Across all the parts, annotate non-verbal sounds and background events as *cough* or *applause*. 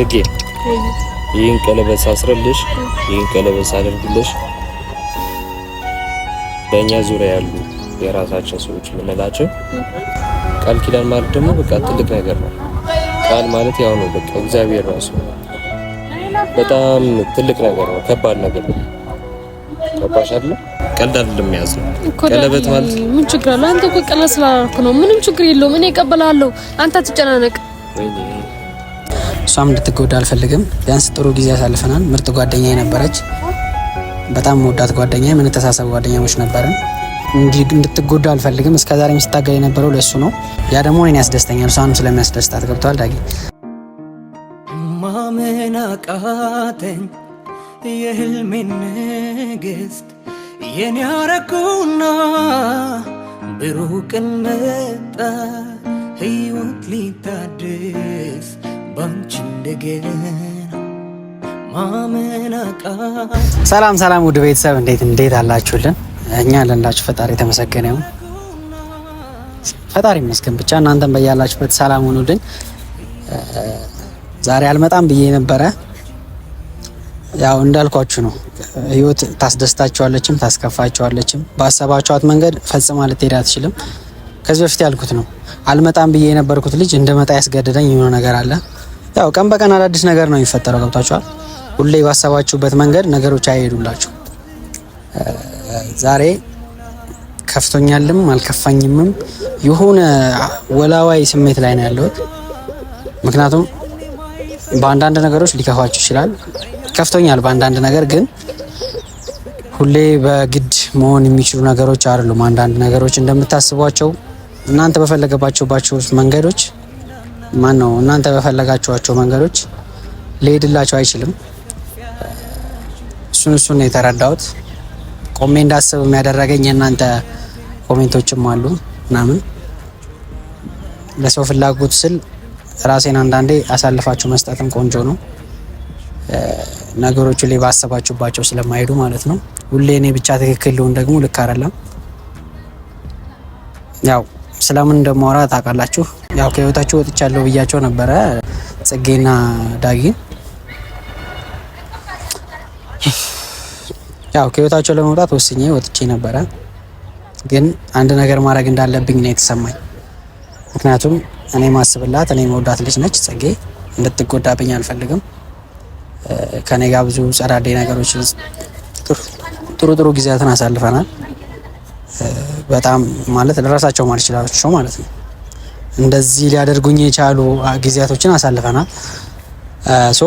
ጽጌ ይህን ቀለበት ሳስረልሽ፣ ይህን ቀለበት ሳደርግልሽ በእኛ ዙሪያ ያሉ የራሳቸው ሰዎች የምንላቸው ቃል ኪዳን ማለት ደግሞ በቃ ትልቅ ነገር ነው። ቃል ማለት ያው ነው በቃ እግዚአብሔር ራሱ በጣም ትልቅ ነገር ነው፣ ከባድ ነገር ነው። ገባሽ አይደል? ቀልድ አይደለም ያዝ ነው ቀለበት ማለት ምን ችግር አለው? አንተ እኮ ቀለበት ስላደረኩ ነው። ምንም ችግር የለውም። እኔ እቀበላለሁ። አንተ አትጨናነቅ። እሷም እንድትጎዳ አልፈልግም። ቢያንስ ጥሩ ጊዜ ያሳልፈናል። ምርጥ ጓደኛ ነበረች። በጣም መወዳት ጓደኛ፣ የምንተሳሰብ ጓደኛሞች ነበርን። እንድትጎዳ አልፈልግም። እስከዛሬም ስታገል የነበረው ለእሱ ነው። ያ ደግሞ እኔን ያስደስተኛል። እሷንም ስለሚያስደስታት ገብተዋል። ዳጊ ማመን አቃተኝ። የህልሜን ንግስት የኔ አረኩና ብሩቅን መጣ ህይወት ሊታድስ ሰላም ሰላም፣ ውድ ቤተሰብ እንዴት እንዴት አላችሁልን? እኛ ለላችሁ ፈጣሪ የተመሰገነ ይሁን። ፈጣሪ ይመስገን። ብቻ እናንተም በያላችሁበት ሰላም ሁኑልን። ዛሬ አልመጣም ብዬ ነበረ። ያው እንዳልኳችሁ ነው። ህይወት ታስደስታችኋለችም ታስከፋችኋለችም። ባሰባችኋት መንገድ ፈጽማ ልትሄድ አትችልም። ከዚህ በፊት ያልኩት ነው። አልመጣም ብዬ የነበርኩት ልጅ እንደመጣ ያስገደደኝ የሆነ ነገር አለ። ያው ቀን በቀን አዳዲስ ነገር ነው የሚፈጠረው። ገብታችኋል። ሁሌ ባሰባችሁበት መንገድ ነገሮች አይሄዱላችሁ። ዛሬ ከፍቶኛልም አልከፋኝምም የሆነ ወላዋይ ስሜት ላይ ነው ያለሁት። ምክንያቱም በአንዳንድ ነገሮች ሊከፋችሁ ይችላል። ከፍቶኛል በአንዳንድ ነገር ግን ሁሌ በግድ መሆን የሚችሉ ነገሮች አይደሉም። አንዳንድ ነገሮች እንደምታስቧቸው እናንተ በፈለገባችሁባቸው መንገዶች ማን ነው እናንተ በፈለጋችኋቸው መንገዶች ሊሄድላቸው አይችልም። እሱን እሱን የተረዳሁት ቆሜ እንዳስብ የሚያደረገኝ የእናንተ ኮሜንቶችም አሉ ምናምን ለሰው ፍላጎት ስል ራሴን አንዳንዴ አሳልፋችሁ መስጠትም ቆንጆ ነው። ነገሮቹ ላይ ባሰባችሁባቸው ስለማይሄዱ ማለት ነው። ሁሌ እኔ ብቻ ትክክል ልሆን ደግሞ ልክ አይደለም ያው ስለምን እንደማወራ ታውቃላችሁ። ያው ከህይወታችሁ ወጥቻለሁ ብያቸው ነበረ ጽጌና ዳጊ። ያው ከህይወታቸው ለመውጣት ወስኜ ወጥቼ ነበረ፣ ግን አንድ ነገር ማድረግ እንዳለብኝ ነው የተሰማኝ። ምክንያቱም እኔ ማስብላት እኔ መውዳት ልጅ ነች ጽጌ፣ እንድትጎዳብኝ አልፈልግም። ከኔ ጋር ብዙ ጸዳዴ ነገሮች ጥሩ ጥሩ ጊዜያትን አሳልፈናል። በጣም ማለት ለራሳቸው ማለት ይችላል ማለት ነው። እንደዚህ ሊያደርጉኝ የቻሉ ጊዜያቶችን አሳልፈናል። ሶ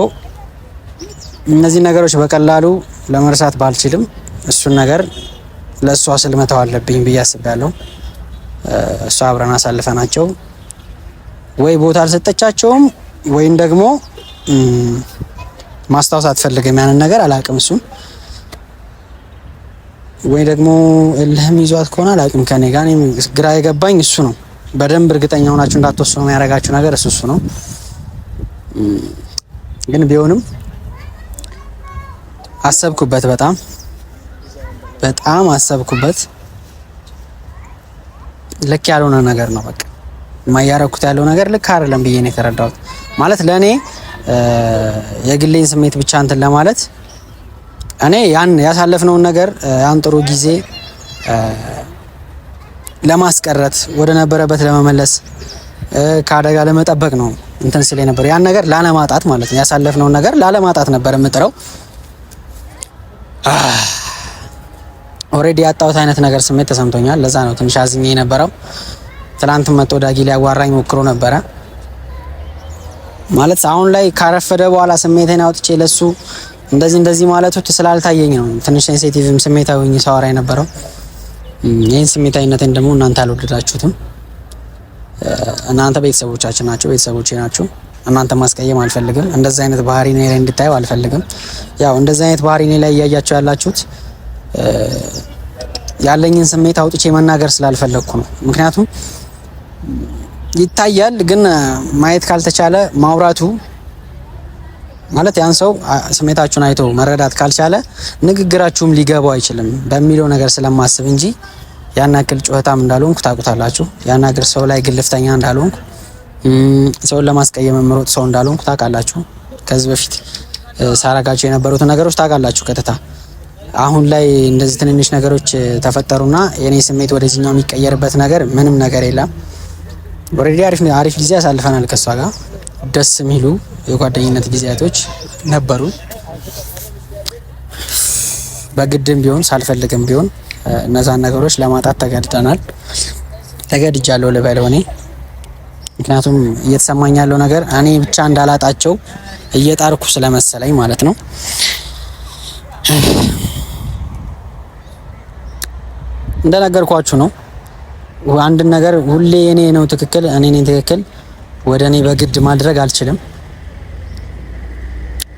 እነዚህ ነገሮች በቀላሉ ለመርሳት ባልችልም እሱን ነገር ለእሷ ስል መተው አለብኝ ብዬ አስቤያለሁ። እሷ አብረን አሳልፈናቸው ወይ ቦታ አልሰጠቻቸውም ወይም ደግሞ ማስታወስ አትፈልግም ያንን ነገር አላውቅም እሱን ወይ ደግሞ እልህም ይዟት ከሆነ አላውቅም። ከኔ ጋር ግራ የገባኝ እሱ ነው። በደንብ እርግጠኛ ሆናችሁ እንዳትወስኑ የሚያደርጋችሁ ነገር እሱ እሱ ነው። ግን ቢሆንም አሰብኩበት፣ በጣም በጣም አሰብኩበት። ልክ ያልሆነ ነገር ነው በቃ ማያረኩት ያለው ነገር ልክ አይደለም ብዬ ነው የተረዳሁት። ማለት ለእኔ የግሌን ስሜት ብቻ እንትን ለማለት እኔ ያን ያሳለፍነውን ነገር ያን ጥሩ ጊዜ ለማስቀረት ወደ ነበረበት ለመመለስ ከአደጋ ለመጠበቅ ነው እንትን ስለ ነበር ያን ነገር ላለማጣት ማለት ነው። ያሳለፍነውን ነገር ላለማጣት ነበር የምጥረው። ኦሬዲ ያጣሁት አይነት ነገር ስሜት ተሰምቶኛል። ለዛ ነው ትንሽ አዝኜ የነበረው። ትላንት መጥቶ ዳጊ ሊያዋራኝ ሞክሮ ነበረ። ማለት አሁን ላይ ካረፈደ በኋላ ስሜቴን አውጥቼ ለሱ እንደዚህ እንደዚህ ማለቱ ስላልታየኝ ነው ትንሽ ሴንሲቲቭም ስሜታዊ ሳወራ የነበረው። ይህን ስሜታዊነትን ደግሞ እናንተ አልወደዳችሁትም። እናንተ ቤተሰቦቻችን ናቸው፣ ቤተሰቦቼ ናቸው። እናንተ ማስቀየም አልፈልግም። እንደዚህ አይነት ባህሪ እኔ ላይ እንድታዩ አልፈልግም። ያው እንደዚህ አይነት ባህሪ እኔ ላይ እያያቸው ያላችሁት ያለኝን ስሜት አውጥቼ መናገር ስላልፈለግኩ ነው። ምክንያቱም ይታያል፣ ግን ማየት ካልተቻለ ማውራቱ ማለት ያን ሰው ስሜታችሁን አይቶ መረዳት ካልቻለ ንግግራችሁም ሊገባው አይችልም በሚለው ነገር ስለማስብ እንጂ ያን ያክል ጩኸታም እንዳልሆንኩ ታውቁታላችሁ። ያን ያክል ሰው ላይ ግልፍተኛ እንዳልሆንኩ፣ ሰውን ለማስቀየም የምሮጥ ሰው እንዳልሆንኩ ታውቃላችሁ። ከዚህ በፊት ሳረጋቸው የነበሩትን ነገሮች ታውቃላችሁ ቀጥታ አሁን ላይ እንደዚህ ትንንሽ ነገሮች ተፈጠሩና የኔ ስሜት ወደዚህኛው የሚቀየርበት ነገር ምንም ነገር የለም። ኦልሬዲ አሪፍ ጊዜ ያሳልፈናል ከሷ ጋር ደስ የሚሉ የጓደኝነት ጊዜያቶች ነበሩ። በግድም ቢሆን ሳልፈልግም ቢሆን እነዛን ነገሮች ለማጣት ተገድደናል። ተገድጃለሁ ልበል ሆኔ ምክንያቱም እየተሰማኝ ያለው ነገር እኔ ብቻ እንዳላጣቸው እየጣርኩ ስለመሰለኝ ማለት ነው። እንደነገርኳችሁ ነው። አንድን ነገር ሁሌ እኔ ነው ትክክል እኔ ትክክል ወደ እኔ በግድ ማድረግ አልችልም።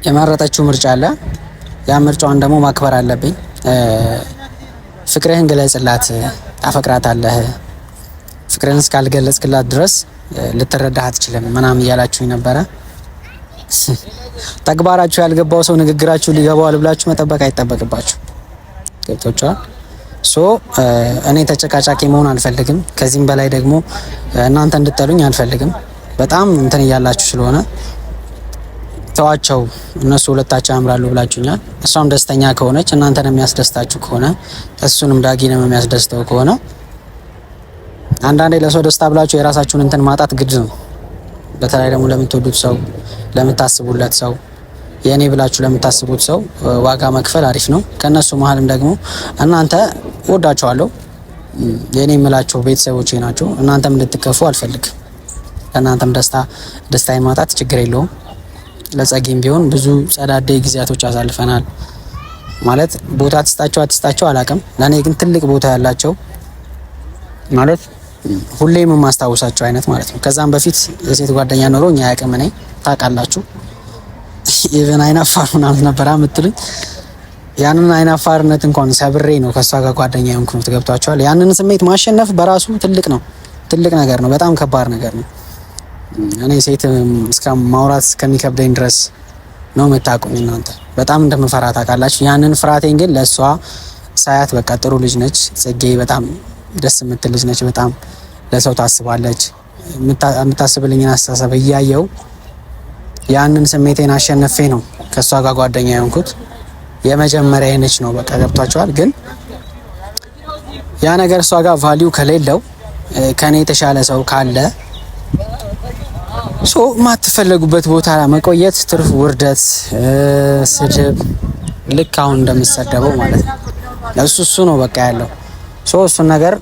የመረጠችው ምርጫ አለ። ያ ምርጫዋን ደግሞ ማክበር አለብኝ። ፍቅርህን ግለጽላት፣ ታፈቅራታለህ። ፍቅርህን እስካልገለጽክላት ድረስ ልትረዳህ አትችልም ምናምን እያላችሁኝ ነበረ። ተግባራችሁ ያልገባው ሰው ንግግራችሁ ሊገባዋል ብላችሁ መጠበቅ አይጠበቅባችሁ። ገብቶቿል። ሶ እኔ ተጨቃጫቂ መሆን አልፈልግም። ከዚህም በላይ ደግሞ እናንተ እንድጠሉኝ አልፈልግም። በጣም እንትን እያላችሁ ስለሆነ ተዋቸው። እነሱ ሁለታቸው ያምራሉ ብላችሁኛል። እሷም ደስተኛ ከሆነች እናንተን የሚያስደስታችሁ ከሆነ እሱንም ዳጊንም የሚያስደስተው ከሆነ አንዳንዴ ለሰው ደስታ ብላችሁ የራሳችሁን እንትን ማጣት ግድ ነው። በተለይ ደግሞ ለምትወዱት ሰው፣ ለምታስቡለት ሰው፣ የእኔ ብላችሁ ለምታስቡት ሰው ዋጋ መክፈል አሪፍ ነው። ከእነሱ መሀልም ደግሞ እናንተ ወዳችኋለሁ፣ የእኔ የምላቸው ቤተሰቦቼ ናቸው። እናንተም እንድትከፉ አልፈልግም። ለእናንተም ደስታ ደስታ የማውጣት ችግር የለውም። ለጸጌም ቢሆን ብዙ ጸዳዴ ጊዜያቶች አሳልፈናል። ማለት ቦታ ትስጣቸው አትስጣቸው አላቅም። ለእኔ ግን ትልቅ ቦታ ያላቸው ማለት ሁሌም የማስታውሳቸው አይነት ማለት ነው። ከዛም በፊት የሴት ጓደኛ ኖሮ እኛ ያቅም ነኝ ታውቃላችሁ። ኢቨን አይናፋር ምናምን ነበራ የምትሉኝ ያንን አይናፋርነት እንኳን ሰብሬ ነው ከእሷ ጋር ጓደኛ የሆንኩት። ገብቷቸዋል። ያንን ስሜት ማሸነፍ በራሱ ትልቅ ነው፣ ትልቅ ነገር ነው፣ በጣም ከባድ ነገር ነው። እኔ ሴት እስከ ማውራት እስከሚከብደኝ ድረስ ነው የምታውቁኝ እናንተ። በጣም እንደምፈራ ታውቃላችሁ። ያንን ፍርሃቴን ግን ለእሷ ሳያት በቃ ጥሩ ልጅ ነች ጽጌ፣ በጣም ደስ የምትል ልጅ ነች። በጣም ለሰው ታስባለች። የምታስብልኝን አስተሳሰብ እያየው ያንን ስሜቴን አሸነፌ ነው ከእሷ ጋር ጓደኛ የሆንኩት። የመጀመሪያ ይነች ነው በቃ ገብቷቸዋል። ግን ያ ነገር እሷ ጋር ቫሊዩ ከሌለው ከእኔ የተሻለ ሰው ካለ ሶ የማትፈለጉበት ቦታ ለመቆየት ትርፍ ውርደት፣ ስድብ ልክ አሁን እንደምሰደበው ማለት ነው። እሱ እሱ ነው በቃ ያለው ሶ እሱን ነገር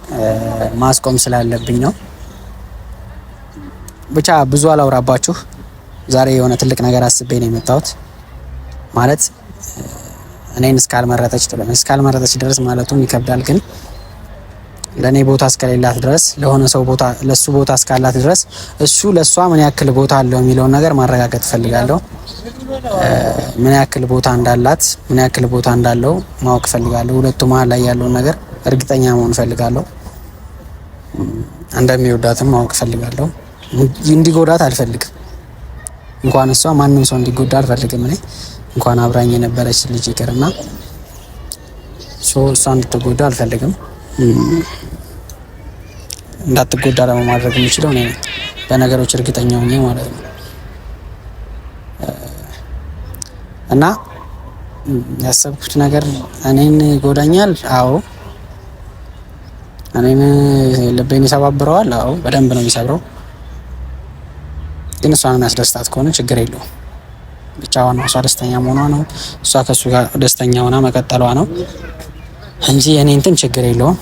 ማስቆም ስላለብኝ ነው። ብቻ ብዙ አላውራባችሁ። ዛሬ የሆነ ትልቅ ነገር አስቤ ነው የመጣሁት። ማለት እኔን እስካልመረጠች ድረስ ማለቱም ይከብዳል ግን ለእኔ ቦታ እስከሌላት ድረስ ለሆነ ሰው ቦታ ለሱ ቦታ እስካላት ድረስ እሱ ለእሷ ምን ያክል ቦታ አለው የሚለውን ነገር ማረጋገጥ እፈልጋለሁ። ምን ያክል ቦታ እንዳላት ምን ያክል ቦታ እንዳለው ማወቅ እፈልጋለሁ። ሁለቱ መሀል ላይ ያለውን ነገር እርግጠኛ መሆን እፈልጋለሁ። እንደሚወዳትም ማወቅ እፈልጋለሁ። እንዲጎዳት አልፈልግም። እንኳን እሷ ማንም ሰው እንዲጎዳ አልፈልግም። እኔ እንኳን አብራኝ የነበረች ልጅ ይቅርና እሷ እንድትጎዳ አልፈልግም። እንዳትጎዳ ደግሞ ማድረግ የምችለው እኔ በነገሮች እርግጠኛ ሆኜ ማለት ነው። እና ያሰብኩት ነገር እኔን ይጎዳኛል። አዎ እኔን ልቤን ይሰባብረዋል። አዎ በደንብ ነው የሚሰብረው። ግን እሷን የሚያስደስታት ከሆነ ችግር የለውም። ብቻ ዋናው እሷ ደስተኛ መሆኗ ነው። እሷ ከእሱ ጋር ደስተኛ ሆና መቀጠሏ ነው እንጂ የእኔ እንትን ችግር የለውም።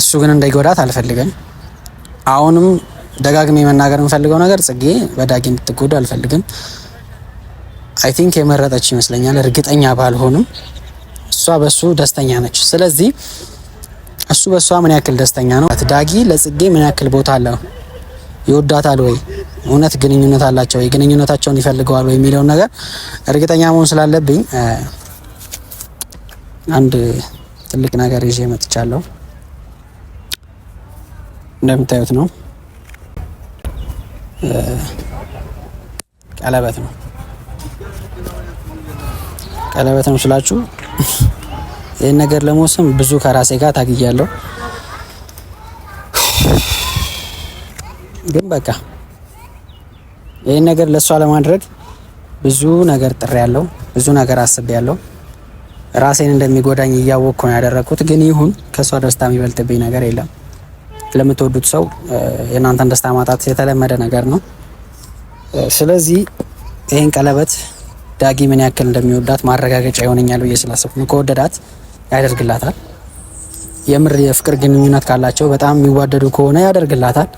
እሱ ግን እንዳይጎዳት አልፈልግም። አሁንም ደጋግሜ መናገር የምፈልገው ነገር ጽጌ በዳጊ እንድትጎዳ አልፈልግም። አይ ቲንክ የመረጠች ይመስለኛል፣ እርግጠኛ ባልሆንም እሷ በሱ ደስተኛ ነች። ስለዚህ እሱ በእሷ ምን ያክል ደስተኛ ነው? ዳጊ ለጽጌ ምን ያክል ቦታ አለው? ይወዳታል ወይ? እውነት ግንኙነት አላቸው ወይ? ግንኙነታቸውን ይፈልገዋል ወይ የሚለውን ነገር እርግጠኛ መሆን ስላለብኝ አንድ ትልቅ ነገር ይዤ መጥቻለሁ። እንደምታዩት ነው። ቀለበት ነው ቀለበት ነው ስላችሁ ይህን ነገር ለመወሰን ብዙ ከራሴ ጋር ታግያለሁ። ግን በቃ ይህን ነገር ለእሷ ለማድረግ ብዙ ነገር ጥሬ ያለው ብዙ ነገር አስቤ ያለው ራሴን እንደሚጎዳኝ እያወቅኩ ነው ያደረግኩት። ግን ይሁን ከእሷ ደስታ የሚበልጥብኝ ነገር የለም። ለምትወዱት ሰው የእናንተን ደስታ ማጣት የተለመደ ነገር ነው። ስለዚህ ይህን ቀለበት ዳጊ ምን ያክል እንደሚወዳት ማረጋገጫ ይሆነኛል ብዬ ስላሰብኩ ነው። ከወደዳት ያደርግላታል። የምር የፍቅር ግንኙነት ካላቸው በጣም የሚዋደዱ ከሆነ ያደርግላታል።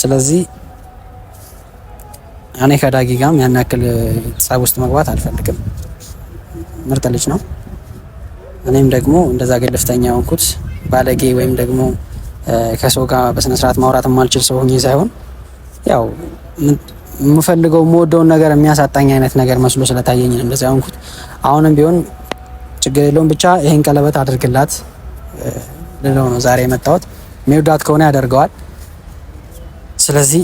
ስለዚህ እኔ ከዳጊ ጋርም ያን ያክል ጸብ ውስጥ መግባት አልፈልግም። ምርጥ ልጅ ነው። እኔም ደግሞ እንደዛ ገለፍተኛ ሆንኩት ባለጌ ወይም ደግሞ ከሰው ጋር በስነስርዓት ማውራት የማልችል ሰው ሆኜ ሳይሆን ያው የምፈልገው የምወደውን ነገር የሚያሳጣኝ አይነት ነገር መስሎ ስለታየኝ ነው እንደዚያ ሆንኩት። አሁንም ቢሆን ችግር የለውም ብቻ ይህን ቀለበት አድርግላት ልለው ነው ዛሬ የመጣሁት። ሚወዳት ከሆነ ያደርገዋል። ስለዚህ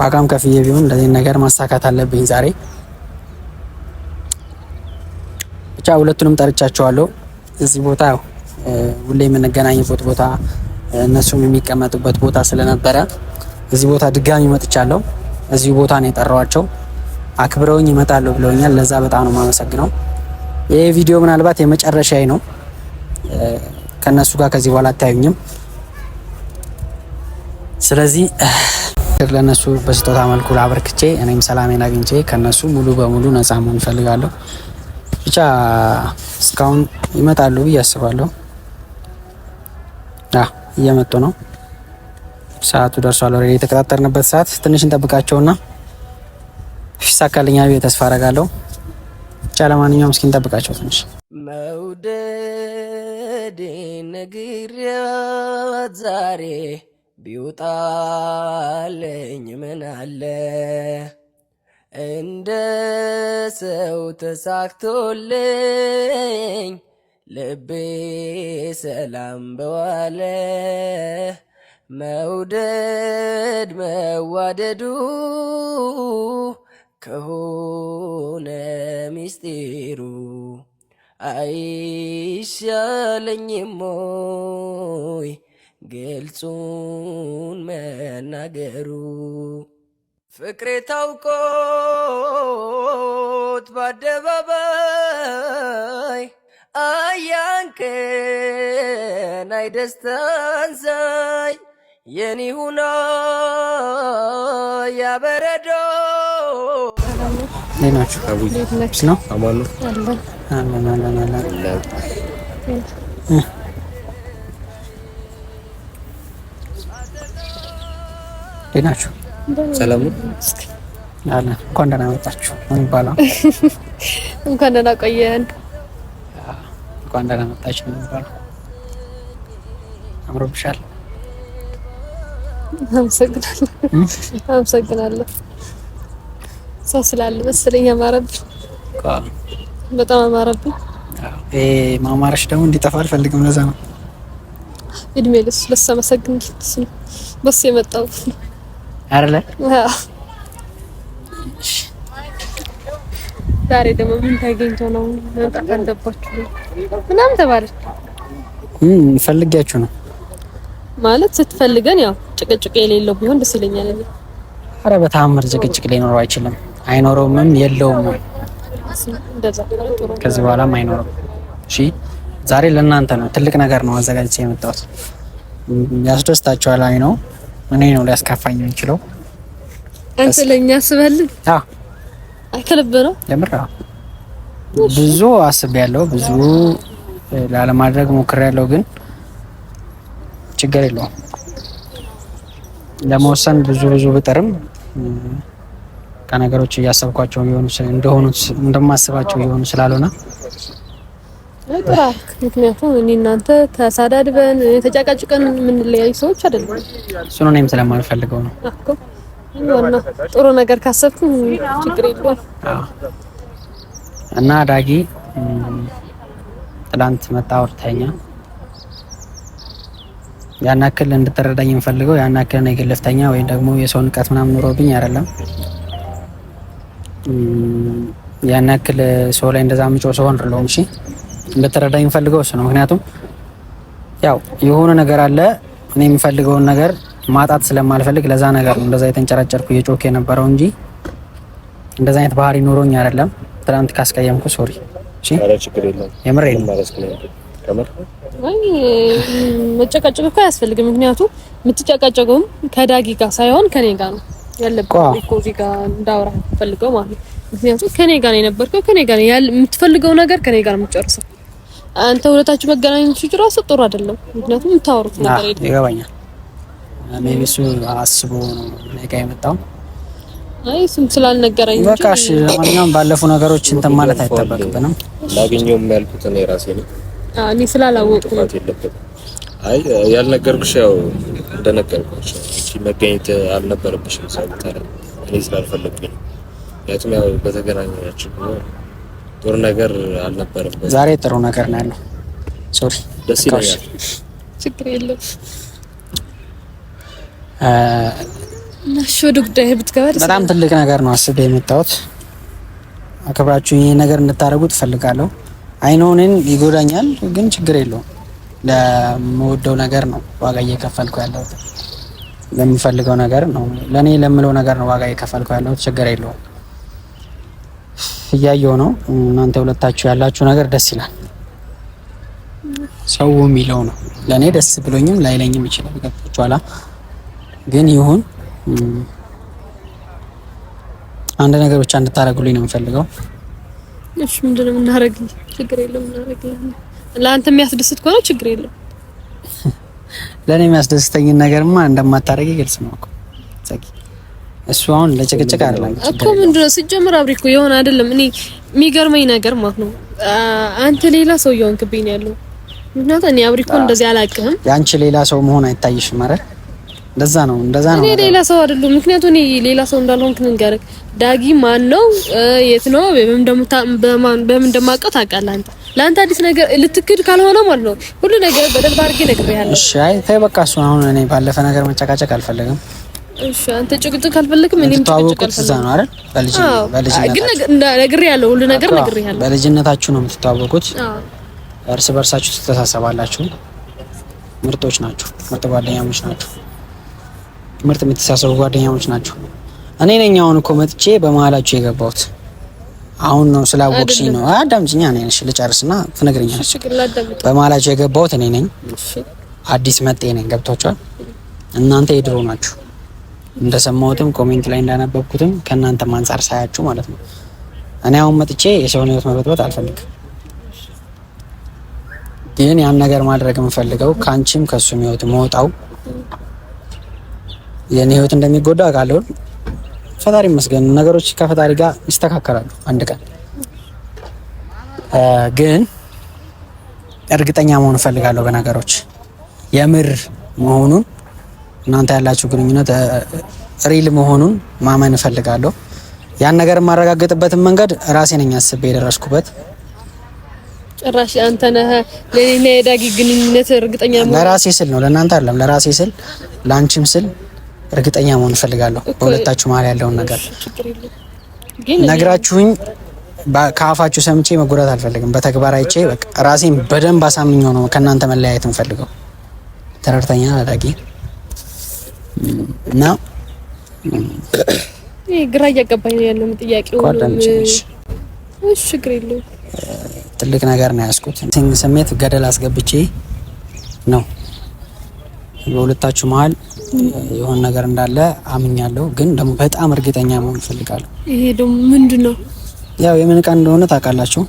ዋጋም ከፍዬ ቢሆን እንደዚህ ነገር ማሳካት አለብኝ ዛሬ። ብቻ ሁለቱንም ጠርቻቸዋለሁ እዚህ ቦታ ያው ሁሌ የምንገናኝበት ቦታ እነሱም የሚቀመጡበት ቦታ ስለነበረ እዚህ ቦታ ድጋሚ መጥቻለሁ። እዚሁ ቦታ ነው የጠራዋቸው። አክብረውኝ ይመጣሉ ብለውኛል። ለዛ በጣም ነው የማመሰግነው። ይህ ቪዲዮ ምናልባት የመጨረሻ ነው። ከእነሱ ጋር ከዚህ በኋላ አታዩኝም። ስለዚህ ለእነሱ በስጦታ መልኩ ላበርክቼ እኔም ሰላሜን አግኝቼ ከእነሱ ሙሉ በሙሉ ነፃ መሆን እፈልጋለሁ። ብቻ እስካሁን ይመጣሉ ብዬ አስባለሁ። እየመጡ ነው። ሰዓቱ ደርሷል። ኦልሬዲ የተቀጣጠርንበት ሰዓት ትንሽ እንጠብቃቸውና ይሳካልኛ ብዬ ተስፋ አረጋለሁ። ብቻ ለማንኛውም እስኪ እንጠብቃቸው ትንሽ መውደዴ ነግሬዋት ዛሬ ቢውጣለኝ ምን አለ እንደ ሰው ተሳክቶልኝ ልቤ ሰላም በዋለ መውደድ መዋደዱ ከሆነ ሚስጢሩ አይሻለኝም ሞይ ግልጹን መናገሩ ፍቅሬ ታውቆት በአደባባይ አያን ቀን አይደስታን ሳይ ያበረዶ ናችሁ ናችሁ ሰላም እንኳን ደህና መጣችሁ። ይባላል እንኳን ደህና ቆየን። ጠብቃ እንዳላመጣች ነው የሚባለው። አምሮብሻል። አመሰግናለሁ፣ አመሰግናለሁ። እሷ ስላለ መሰለኝ አማረብኝ፣ በጣም አማረብኝ። ይሄ ማማረሽ ደግሞ እንዲጠፋ አልፈልግም። ለዛ ነው እድሜ ልስ ለእሷ መሰግን ልስ ነው በሱ የመጣው አይደለ? ዛሬ ደግሞ ምን ታገኝቶ ነው መምጣት አለባችሁ? ምናምን ተባለች። ፈልጊያችሁ ነው ማለት ስትፈልገን፣ ያው ጭቅጭቅ የሌለው ቢሆን ደስ ይለኛል። አረ በተአምር ጭቅጭቅ ሊኖረው አይችልም። አይኖረውምም፣ የለውም። ከዚህ በኋላም አይኖርም። እሺ፣ ዛሬ ለእናንተ ነው፣ ትልቅ ነገር ነው አዘጋጅቼ የመጣሁት። ያስደስታችኋል። አይ ነው እኔ ነው ሊያስከፋኝ የሚችለው። አንተ ለኛ አስበህልን? አዎ፣ ነው የምር ብዙ አስቤያለሁ፣ ብዙ ላለማድረግ ሞክሬያለሁ። ግን ችግር የለውም ለመወሰን ብዙ ብዙ ብጥርም ከነገሮች እያሰብኳቸው የሆኑ እንደሆኑ እንደማስባቸው የሆኑ ስላልሆነ ምክንያቱም እኔ እናንተ ተሳዳድበን ተጨቃጭቀን የምንለያዩ ሰዎች አይደለም። እሱን እኔም ስለማልፈልገው ነው። ጥሩ ነገር ካሰብኩ ችግር የለውም። እና ዳጊ ትላንት መጣ አውርተኛ ያን ያክል እንድትረዳኝ የምፈልገው ያን ያክል ነው የግልፍተኛ ወይም ደግሞ የሰው ንቀት ምናምን ኑሮብኝ አይደለም። ያን ያክል ሰው ላይ እንደዛ ምጮ ሰው አይደለሁም። እሺ እንድትረዳኝ የምፈልገው እሱ ነው። ምክንያቱም ያው የሆነ ነገር አለ እኔ የምፈልገውን ነገር ማጣት ስለማልፈልግ ለዛ ነገር ነው እንደዛ የተንጨራጨርኩ የጮክ የነበረው እንጂ እንደዛ አይነት ባህሪ ኑሮኝ አይደለም። ትናንት ካስቀየምኩ ሶሪ። እሺ፣ ችግር የለም። የምር መጨቃጨቅ እኮ አያስፈልግም። ምክንያቱ የምትጨቃጨቁም ከዳጊ ጋር ሳይሆን ከኔ ጋር ነው ያለብህ እኮ እዚህ ጋር እንዳወራ ፈልገው ማለት ነው። ምክንያቱም ከኔ ጋር ነው የነበርከው፣ ከኔ ጋር የምትፈልገው ነገር ከኔ ጋር ነው የምትጨርሰው። አንተ ሁለታችሁ መገናኘት ሲጭራ ጥሩ አይደለም። ምክንያቱም የምታወሩት ነገር የለም። ይገባኛል። ሜቢ እሱ አስቦ ነው እኔ ጋር የመጣው አይ ስም ስላልነገረኝ በቃ እሺ። ለማንኛውም ባለፉ ነገሮች እንትን ማለት አይጠበቅብንም። ላገኘውም ያልኩት እኔ ራሴ ነው። እኔ ስላላወቅኩ አይ ያልነገርኩሽ ያው እንደነገርኩሽ እቺ መገኘት አልነበረብሽም። ሰው ታረ እኔ ስላልፈለኩኝ ያቱም ያው በተገናኘናችሁ ነው ጥሩ ነገር አልነበረም። ዛሬ ጥሩ ነገር ነው ያለው። ሶሪ ደስ ይላል። ችግር የለም በጣም ትልቅ ነገር ነው አስቤ የመጣሁት። አክብራችሁ ይህ ነገር እንድታደርጉ ትፈልጋለሁ። አይኖንን ይጎዳኛል፣ ግን ችግር የለውም። ለምወደው ነገር ነው ዋጋ እየከፈልኩ ያለሁት። ለምፈልገው ነገር ነው ለእኔ ለምለው ነገር ነው ዋጋ እየከፈልኩ ያለሁት። ችግር የለውም። እያየው ነው። እናንተ ሁለታችሁ ያላችሁ ነገር ደስ ይላል። ሰው የሚለው ነው። ለእኔ ደስ ብሎኝም ላይለኝም ይችላል። ግን ይሁን አንድ ነገር ብቻ እንድታደርጉልኝ ነው የምፈልገው። እሺ፣ ምንድነው የምናደርግልህ? ችግር የለም እናደርግልህ። ለአንተ የሚያስደስት ከሆነ ችግር የለም። ለእኔ የሚያስደስተኝን ነገርማ እንደማታደርጊ ግልጽ ነው እኮ እሱ አሁን ለጭቅጭቅ አይደለም እኮ ምንድነው ሲጀምር፣ አብሬ እኮ የሆነ አይደለም። እኔ የሚገርመኝ ነገር ማለት ነው አንተ ሌላ ሰው እየሆንክብኝ ነው ያለው። ምክንያቱም እኔ አብሬ እኮ እንደዚህ አላውቅህም። የአንቺ ሌላ ሰው መሆን አይታይሽም ማለት ለዛ ነው እንደዛ ነው። እኔ ሌላ ሰው አይደለም። ምክንያቱ እኔ ሌላ ሰው እንዳልሆንክ ንገረኝ። ዳጊ ማን ነው? የት ነው? በምን በማን እንደማውቀው ታውቃለህ አንተ። ለአንተ አዲስ ነገር ልትክድ ካልሆነ ማለት ነው ሁሉ ነገር በደንብ አድርጌ ነግሬሃለሁ። እሺ፣ አይ ተይ በቃ እሱን አሁን እኔ ባለፈ ነገር መጨቃጨቅ አልፈለግም። እሺ፣ አንተ ጭቅጭቅ አልፈልግም። እኔም ጭቅጭቅ አልፈልግም። ነው አይደል? በልጅ በልጅ ግን ነግሬሃለሁ። ሁሉ ነገር ነግሬሃለሁ። በልጅነታችሁ ነው የምትተዋወቁት። እርስ በርሳችሁ ትተሳሰባላችሁ። ምርጦች ናችሁ። ምርጥ ጓደኛሞች ናችሁ። ምርት የምትሳሰቡ ጓደኛሞች ናቸው። እኔ ነኝ አሁን እኮ መጥቼ በመሀላችሁ የገባሁት አሁን ነው ስላወቅሽኝ ነው። አዳምጪኝ፣ እኔ ነኝ ልጨርስና ትነግረኛለሽ። በመሀላችሁ የገባሁት እኔ ነኝ፣ አዲስ መጤ ነኝ። ገብቷችኋል? እናንተ የድሮ ናችሁ። እንደሰማሁትም ኮሜንት ላይ እንዳነበብኩትም ከእናንተ አንጻር ሳያችሁ ማለት ነው። እኔ አሁን መጥቼ የሰውን ህይወት መበጥበጥ አልፈልግም። ግን ያን ነገር ማድረግ የምፈልገው ከአንቺም ከእሱም ህይወት መውጣው የኔ ህይወት እንደሚጎዳ አውቃለሁ። ፈጣሪ ይመስገን ነገሮች ከፈጣሪ ጋር ይስተካከላሉ አንድ ቀን። ግን እርግጠኛ መሆን እፈልጋለሁ በነገሮች የምር መሆኑን እናንተ ያላችሁ ግንኙነት ሪል መሆኑን ማመን እፈልጋለሁ። ያን ነገር የማረጋግጥበትን መንገድ ራሴ ነኝ አስቤ የደረስኩበት። ጭራሽ አንተ ነህ ለኔ የዳጊ ግንኙነት እርግጠኛ ለራሴ ስል ነው ለእናንተ አይደለም፣ ለራሴ ስል ለአንቺም ስል እርግጠኛ መሆን እፈልጋለሁ በሁለታችሁ መሀል ያለውን ነገር ነግራችሁኝ ከአፋችሁ ሰምቼ መጎዳት አልፈልግም። በተግባር አይቼ ራሴን በደንብ አሳምኜ ነው ከእናንተ መለያየት እንፈልገው። ተረድተኛ አዳጊ እና ግራ እያገባኝ ያለውን ጥያቄ። ትልቅ ነገር ነው ያስኩት። ስሜት ገደል አስገብቼ ነው በሁለታችሁ መሀል የሆነ ነገር እንዳለ አምኛለሁ፣ ግን ደግሞ በጣም እርግጠኛ መሆን እፈልጋለሁ። ይሄ ደግሞ ምንድን ነው? ያው የምን እቃ እንደሆነ ታውቃላችሁ።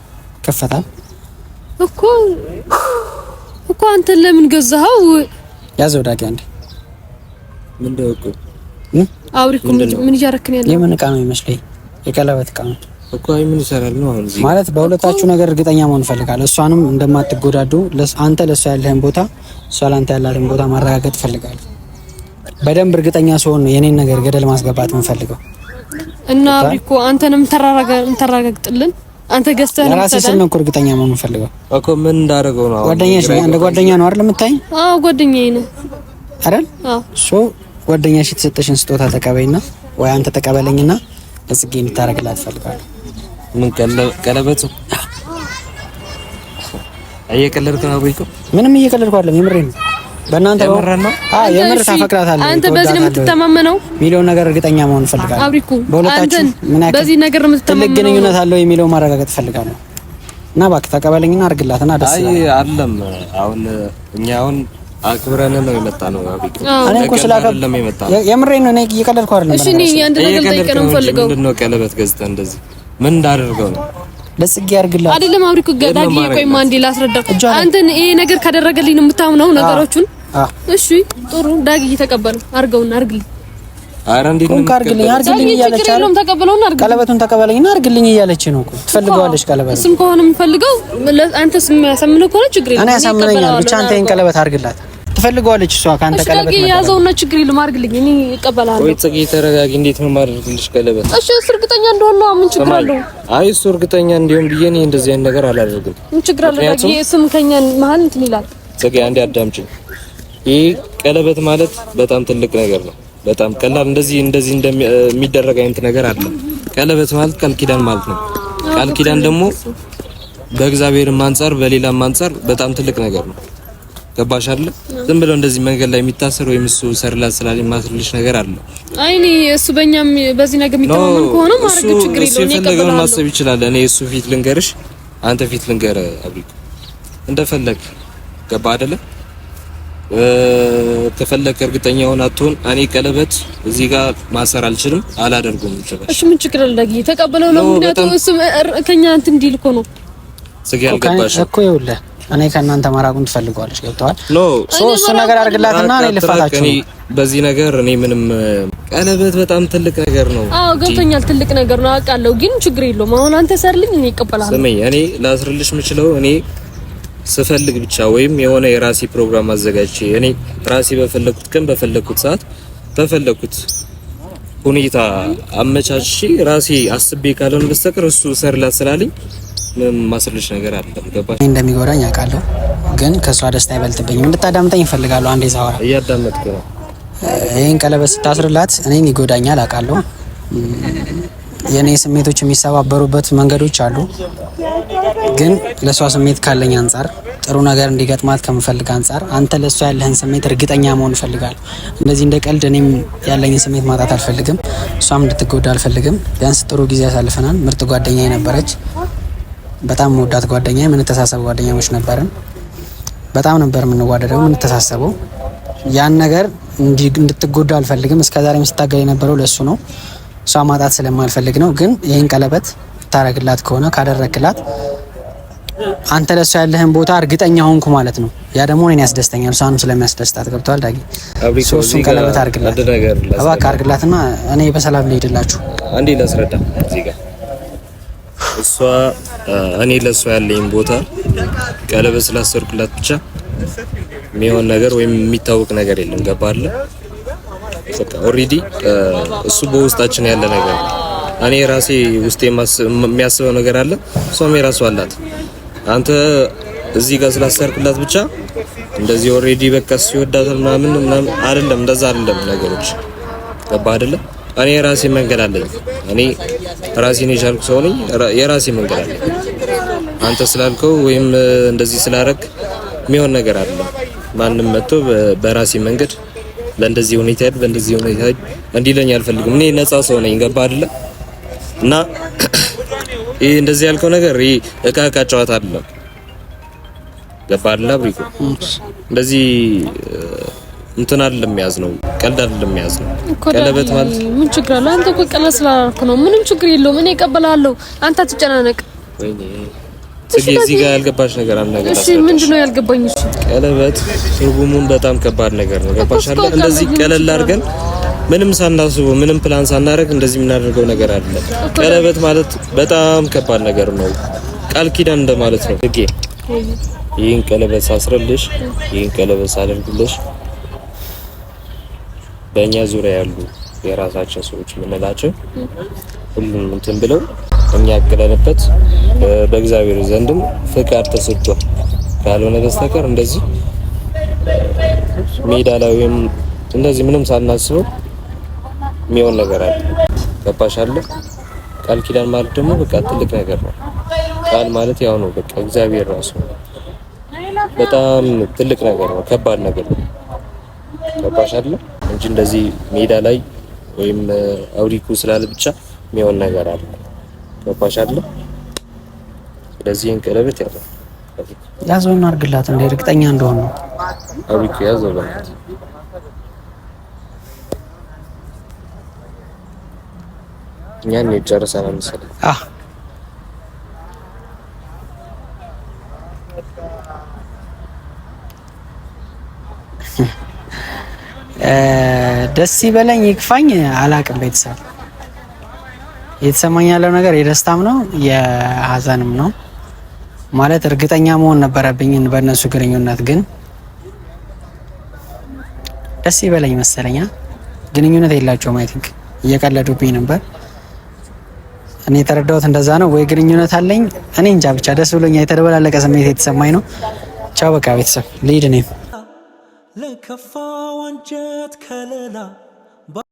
ከፈታል እኮ እኮ አንተ ለምን ገዛኸው? ያዘ ወዳቂ አንዴ ምንድን ነው እኮ ምን እያደረክ ነው የምን እቃ ነው ይመስለኝ? የቀለበት እቃ ነው እኮ። አይ ምን ይሰራል ነው አሁን እዚህ ማለት። በሁለታችሁ ነገር እርግጠኛ መሆን እፈልጋለሁ። እሷንም እንደማትጎዳዱ አንተ ለእሷ ያለህን ቦታ እሷ ለአንተ ያላትን ቦታ ማረጋገጥ እፈልጋለሁ። በደንብ እርግጠኛ ሲሆን ነው የኔን ነገር ገደል ማስገባት የምንፈልገው። እና አብሪ እኮ አንተንም ተራረግጥልን አንተ ገዝተህ ነው ራስህ ስል እኮ እርግጠኛ መሆን የምፈልገው እኮ ምን እንዳደረገው ነው። ጓደኛሽ እንደ ጓደኛ ነው አይደል የምታይኝ? አዎ ጓደኛዬ ነው አይደል? አዎ ሶ ጓደኛሽ የተሰጠሽን ስጦታ ተቀበይና ወይ አንተ ተቀበለኝና ለጽጌ እንድታረግላት እፈልጋለሁ። ምን ቀለበቱ እየቀለድክ ነው? ምንም እየቀለድኩ አይደለም፣ የምሬን ነው። በእናንተ በመረን ነው። አዎ የምር ታፈቅራታለህ አንተ። በዚህ ነው የምትተማመነው የሚለውን ነገር እርግጠኛ መሆን እፈልጋለሁ። አብሪኩ በሁለታችን ምን ያክል በዚህ ነገር ነው የምትተማመነው ትልቅ ግንኙነት አለው የሚለው ማረጋገጥ እፈልጋለሁ። እና እባክህ ተቀበለኝና አድርግላትና ደስ ይላል። አይ አይደለም፣ አሁን እኛ አሁን አክብረን ነው የመጣ ነው። አብሪኩ እኔ እኮ ስላከብ የመጣ ነው። የምሬን ነው። እኔ እየቀለድኩ አይደለም። እሺ እኔ አንድ ነገር ልጠይቅህ ነው የምፈልገው። ምንድን ነው ቀለበት ገዝተህ እንደዚህ ምን እንዳደርገው ነው ለጽጌ ያርግላት አይደለም። አብሪኩ ገዳግዬ ቆይማ እንዴ ላስረዳ። አንተን ይሄ ነገር ካደረገልኝ ነው የምታምነው ነገሮቹን እሺ ጥሩ ዳግ እየተቀበሉ አርገውና አርግልኝ። አረ እንዴት ነው አርግልኝ አርግልኝ እያለች አይደለም ተቀበለውና አርግልኝ ቀለበቱን ተቀበለኝና አርግልኝ እያለች ነው እኮ ትፈልገዋለች። ቀለበት እሱም ከሆነ የምፈልገው አንተ ስም ያሳምነው ከሆነ ችግር የለም እኔ ያሳምነኛል። ብቻ አንተ ይሄን ቀለበት አርግላት ትፈልገዋለች እሷ ከአንተ ቀለበት ነው እና ችግር የለም አርግልኝ፣ እኔ እቀበላለሁ። ወይ ጽጌ ተረጋጊ። እንዴት ነው የማደርግልሽ ቀለበት? እሺ እሱ እርግጠኛ እንደሆነ ነው ምን ችግር አለው? አይ እሱ እርግጠኛ እንዲሆን ብዬ እኔ እንደዚህ አይነት ነገር አላደርግም። ምን ችግር አለው? ስም ከኛ መሀል እንትን ይላል። ጽጌ አንዴ አዳምጪኝ ይህ ቀለበት ማለት በጣም ትልቅ ነገር ነው። በጣም ቀላል እንደዚህ እንደዚህ እንደሚደረግ አይነት ነገር አለ። ቀለበት ማለት ቃል ኪዳን ማለት ነው። ቃል ኪዳን ደግሞ በእግዚአብሔር አንጻር በሌላም አንጻር በጣም ትልቅ ነገር ነው። ገባሽ አለ። ዝም ብለው እንደዚህ መንገድ ላይ የሚታሰር ወይም እሱ ሰርላ ስላለ የማስልሽ ነገር አለ። አይኔ እሱ በእኛም በዚህ ነገር የሚተማመን ከሆነ ማድረግ ችግር የለውም። እኔ የፈለገውን ማሰብ ይችላል። እኔ እሱ ፊት ልንገርሽ፣ አንተ ፊት ልንገር፣ አብሪክ እንደፈለግ ገባ አይደለም ተፈለከ እርግጠኛ ሆነ አትሆን። እኔ ቀለበት እዚህ ጋር ማሰር አልችልም፣ አላደርጉም። እሺ ምን ችግር አለ? ተቀበለው ነው። ምክንያቱም እሱም ከኛ እንትን እንዲል እኮ ነው። ስጋ ያልገባሽ እኮ ይኸውልህ፣ እኔ ከእናንተ ማራቁን ትፈልገዋለች። ገብተዋል። እሱ ነገር አድርግላትና እኔ ልፋታችሁ። በዚህ ነገር እኔ ምንም ቀለበት በጣም ትልቅ ነገር ነው። አዎ ገብቶኛል፣ ትልቅ ነገር ነው አውቃለሁ። ግን ችግር የለውም። አሁን አንተ ሰርልኝ፣ እኔ እቀበላለሁ። ስሚ፣ እኔ ላስርልሽ የምችለው እኔ ስፈልግ ብቻ ወይም የሆነ የራሴ ፕሮግራም አዘጋጅቼ እኔ ራሴ በፈለኩት ቀን በፈለኩት ሰዓት በፈለኩት ሁኔታ አመቻችቼ ራሴ አስቤ ካልሆነ በስተቀር እሱ ሰርላት ስላለኝ ምንም ማስልሽ ነገር አለ። ገባሽ? እንደሚጎዳኝ አውቃለሁ፣ ግን ከእሷ ደስታ አይበልጥብኝም። እንድታዳምጠኝ ይፈልጋሉ። አንዴ ዛወራ እያዳመጥኩ ነው። ይህን ቀለበት ስታስርላት እኔን ይጎዳኛል አውቃለሁ የእኔ ስሜቶች የሚሰባበሩበት መንገዶች አሉ። ግን ለእሷ ስሜት ካለኝ አንጻር ጥሩ ነገር እንዲገጥማት ከምፈልግ አንጻር አንተ ለእሷ ያለህን ስሜት እርግጠኛ መሆን እፈልጋለሁ። እንደዚህ እንደ ቀልድ እኔም ያለኝን ስሜት ማጣት አልፈልግም፣ እሷም እንድትጎዳ አልፈልግም። ቢያንስ ጥሩ ጊዜ ያሳልፈናል። ምርጥ ጓደኛ ነበረች። በጣም ወዳት ጓደኛ፣ የምንተሳሰብ ጓደኛሞች ነበርን። በጣም ነበር የምንዋደደው የምንተሳሰበው። ያን ነገር እንድትጎዳ አልፈልግም። እስከዛሬም ስታገል የነበረው ለእሱ ነው። እሷ ማጣት ስለማልፈልግ ነው። ግን ይህን ቀለበት ታረግላት ከሆነ ካደረግላት አንተ ለሷ ያለህን ቦታ እርግጠኛ ሆንኩ ማለት ነው። ያ ደግሞ እኔን ያስደስተኛል፣ እሷንም ስለሚያስደስታት ገብተዋል። ዳጊ ሶስቱን ቀለበት አርግላት፣ እባክህ አርግላትና እኔ በሰላም ልሄድላችሁ። አንዴ ላስረዳ እዚህ ጋር እሷ እኔ ለእሷ ያለኝ ቦታ ቀለበት ስላሰርኩላት ብቻ የሚሆን ነገር ወይም የሚታወቅ ነገር የለም። ገባለ በቃ ኦሬዲ እሱ በውስጣችን ያለ ነገር እኔ ራሴ ውስጥ የሚያስበው ነገር አለ፣ እሷም የራሷ አላት። አንተ እዚህ ጋር ስላሰርክላት ብቻ እንደዚህ ኦሬዲ በቃ ይወዳታል ምናምን ምናምን አይደለም፣ እንደዛ አይደለም ነገሮች። ገባህ አይደለም? እኔ የራሴ መንገድ አለኝ። እኔ ራሴን የቻልኩ ሰው ነኝ። የራሴ መንገድ አለኝ። አንተ ስላልከው ወይም እንደዚህ ስላረግ የሚሆን ነገር አይደለም። ማንም መጥቶ በራሴ መንገድ በእንደዚህ ሁኔታ ሄድ በእንደዚህ ሁኔታ ሄድ እንዲለኝ አልፈልግም። እኔ ነፃ ሰው ነኝ። ገባ አይደለ? እና *clears throat* ይሄ እንደዚህ ያልከው ነገር ይሄ እቃ እቃ ጨዋታ አይደለም። ገባ አይደለ? ብሪኮ እንደዚህ እንትን አይደለም ያዝ ነው ቀልድ አይደለም ያዝ ነው። ቀለበት ማለት ምን ችግር አለው? አንተ እኮ ቀለድ ስላልኩ ነው። ምንም ችግር የለውም። እኔ እቀበላለሁ። አንተ ትጨናነቅ ወይኔ ጽጌ እዚህ ጋር ያልገባሽ ነገር አለ ነገር እሺ፣ ምንድነው ያልገባኝ? እሺ፣ ቀለበት ትርጉሙን በጣም ከባድ ነገር ነው። ገባሽ አለ እንደዚህ ቀለል አድርገን ምንም ሳናስቡ ምንም ፕላን ሳናደርግ እንደዚህ የምናደርገው ነገር አለ። ቀለበት ማለት በጣም ከባድ ነገር ነው። ቃል ኪዳን እንደማለት ነው። ጽጌ፣ ይህን ቀለበት ሳስረልሽ፣ ይህን ቀለበት ሳደርግልሽ በእኛ ዙሪያ ያሉ የራሳችን ሰዎች የምንላቸው ሁሉም እንትን ብለው የሚያገለንበት በእግዚአብሔር ዘንድም ፍቃድ ተሰጥቷል። ካልሆነ በስተቀር እንደዚህ ሜዳ ላይ ወይም እንደዚህ ምንም ሳናስበው የሚሆን ነገር አለ። ገባሽ አለ። ቃል ኪዳን ማለት ደግሞ በቃ ትልቅ ነገር ነው። ቃል ማለት ያው ነው፣ በቃ እግዚአብሔር ራሱ በጣም ትልቅ ነገር ነው፣ ከባድ ነገር ነው። ገባሽ አለ እንጂ እንደዚህ ሜዳ ላይ ወይም አውሪኩ ስላለ ብቻ የሚሆን ነገር አለ። ገባሽ አለ። ስለዚህ ይህን ቀለበት ያዘው እና አድርግላት እንደ እርግጠኛ እንደሆነ ነው። አብቂ ያዘው ላት እኛን የጨረሰናል መሰለኝ። አህ *laughs* ደስ ይበለኝ ይክፋኝ አላቅም ቤተሰብ የተሰማኝ ያለው ነገር የደስታም ነው የሀዘንም ነው። ማለት እርግጠኛ መሆን ነበረብኝ በእነሱ ግንኙነት፣ ግን ደስ ይበለኝ መሰለኛ። ግንኙነት የላቸውም። አይ ቲንክ እየቀለዱብኝ ነበር። እኔ የተረዳሁት እንደዛ ነው። ወይ ግንኙነት አለኝ እኔ እንጃ። ብቻ ደስ ብሎኛ የተደበላለቀ ስሜት የተሰማኝ ነው። ቻው በቃ ቤተሰብ ልሂድ እኔም ለከፋ ወንጀት ከለላ